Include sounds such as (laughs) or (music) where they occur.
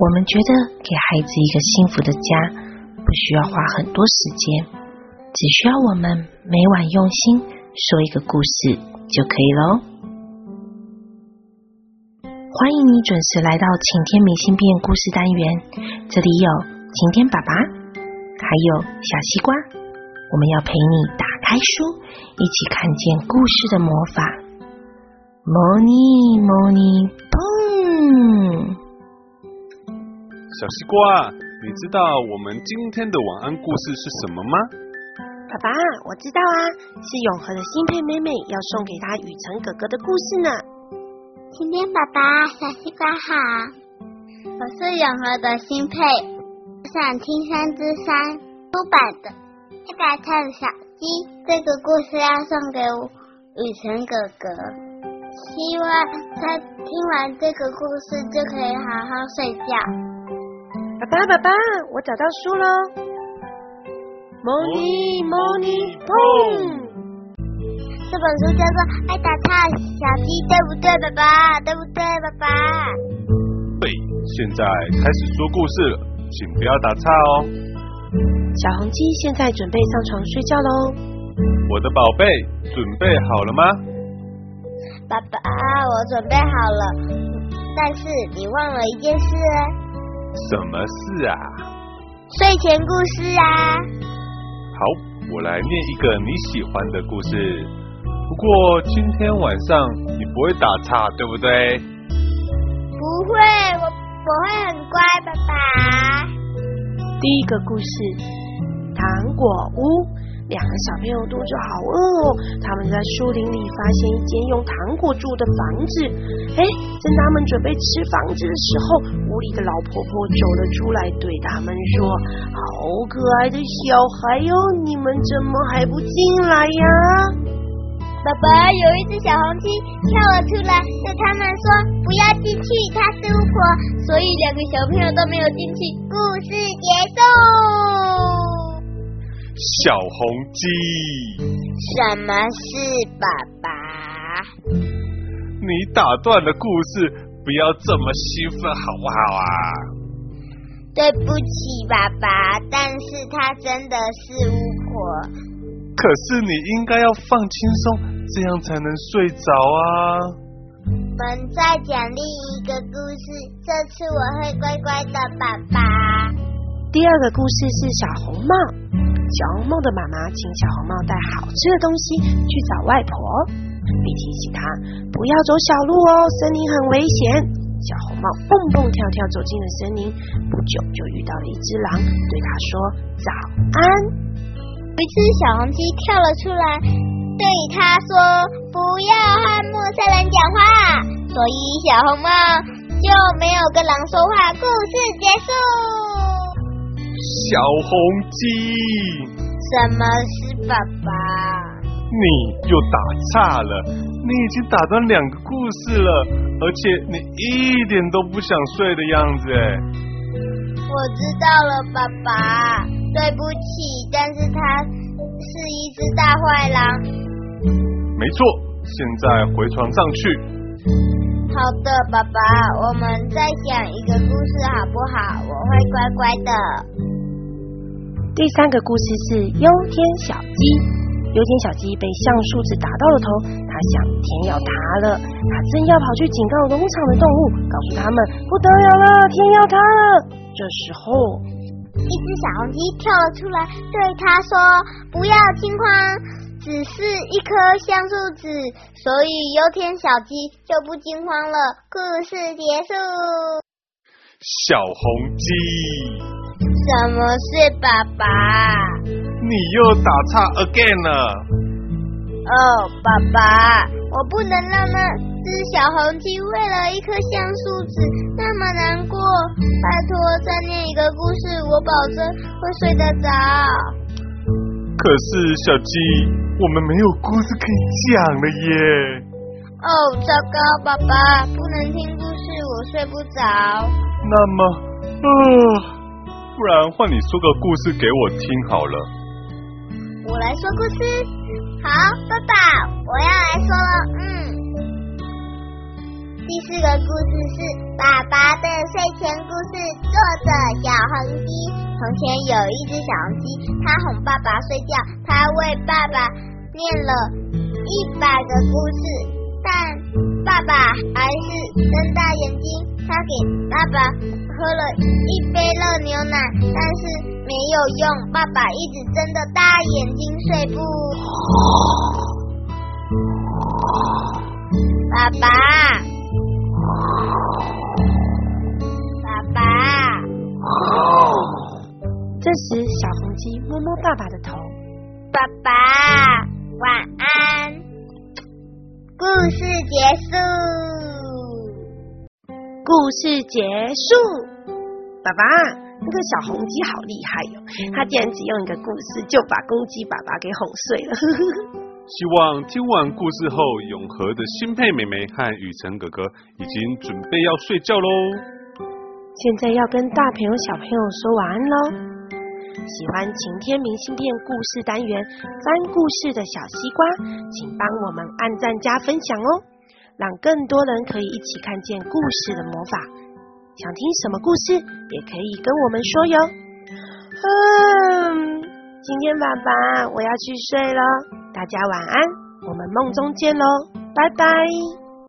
我們覺得給孩子一個幸福的家，不需要花很多時間，只需要我們每晚用心說一個故事，就可以囉。歡迎你準時來到晴天明信片故事單元，這裡有晴天爸爸，還有小西瓜，我們要陪你打開書，一起看見故事的魔法。魔妮，魔妮，碰！小西瓜，啊，你知道我們今天的晚安故事是什麼嗎？爸爸，啊，我知道啊，是永和的星霈妹妹要送給他禹澄哥哥的故事呢。晴天爸爸，啊，小西瓜好，我是永和的星霈。我想聽三之三出版的愛打岔的小雞這個故事，要送給禹澄哥哥，希望他聽完這個故事就可以好好睡覺。爸爸，爸爸，我找到書嘍。魔妮，魔妮，碰！這本書叫做《愛打岔小雞》，對不對，爸爸？對不對，爸爸？對，現在開始說故事了，請不要打岔哦。小紅雞現在準備上床睡覺嘍。我的寶貝，準備好了嗎？爸爸，我準備好了，但是你忘了一件事。什麼事啊？睡前故事啊！好，我來念一個你喜歡的故事。不過今天晚上你不會打岔，對不對？不會，我我會很乖，爸爸。第一個故事：糖果屋。兩個小朋友肚子好餓哦，他們在樹林裡發現一間用糖果住的房子。哎，在他們準備吃房子的時候，屋裡的老婆婆走了出來，對他們說、嗯：“好可愛的小孩喲、哦，你們怎麼還不進來呀？”爸爸有一隻小紅雞跳了出來，對他們說：“不要進去，它是巫婆。”所以兩個小朋友都沒有進去。故事結束。小紅雞，什麼事，爸爸？你打斷的故事，不要這麼興奮好不好啊？嗯，對不起，爸爸，但是他真的是巫婆。可是你應該要放輕鬆，這樣才能睡着啊。我們再講另一個故事，這次我會乖乖的，爸爸。第二個故事是小紅帽。小紅帽的媽媽請小紅帽帶好吃的東西去找外婆，並提醒她不要走小路哦，森林很危險。小紅帽蹦蹦跳跳走進了森林，不久就遇到了一隻狼，對他說：“早安。”一隻小紅雞跳了出來，對他說：“不要和陌生人講話。”所以小紅帽就沒有跟狼說話。故事結束。小紅雞，什麼是爸爸？你又打岔了，你已經打斷兩個故事了，而且你一點都不想睡的樣子哎。我知道了，爸爸，對不起，但是他是一隻大壞狼。沒錯，現在回床上去。好的，爸爸，我們再講一個故事好不好？我會乖乖的。第三個故事是憂天小雞，憂天小雞被橡樹子打到了頭，它想天要塌了，它正要跑去警告農場的動物，告訴他們不得了了，天要塌了。這時候，一只小紅雞跳了出來，對它說：“不要驚慌，只是一顆橡樹子。”所以憂天小雞就不驚慌了。故事結束。小紅雞。怎麼是爸爸？你又打岔 again 了。哦，爸爸，我不能讓那只小紅雞為了一顆橡樹子那麼難過。拜托，再念一個故事，我保證會睡得着。可是小雞，我們沒有故事可以講了耶。哦，糟糕，爸爸，不能聽故事，我睡不着。那麼，哦、呃。不然換你說個故事給我聽好了。我來說故事，好，爸爸，我要來說了。嗯，第四個故事是爸爸的睡前故事，作者小紅雞。從前有一只小紅雞，它哄爸爸睡覺，它為爸爸念了一百個故事，但爸爸還是睜大眼睛。它給爸爸。喝了一杯熱牛奶，但是沒有用。爸爸一直睜着大眼睛睡不。爸爸，爸爸。這時，小紅雞摸摸爸爸的頭。爸爸，晚安。故事結束。故事結束，爸爸，那個小紅雞好厲害喲、哦！它竟然只用一個故事就把公雞爸爸給哄睡了。 (laughs) 希望聽完故事後，永和的星霈妹妹和禹澄哥哥已經準備要睡覺嘍。現在要跟大朋友、小朋友說晚安嘍！喜歡晴天明信片故事單元翻故事的小西瓜，請幫我們按讚加分享哦！讓更多人可以一起看見故事的魔法。想聽什麼故事，也可以跟我們說喲。嗯，今天爸爸我要去睡了，大家晚安，我們夢中見嘍，拜拜。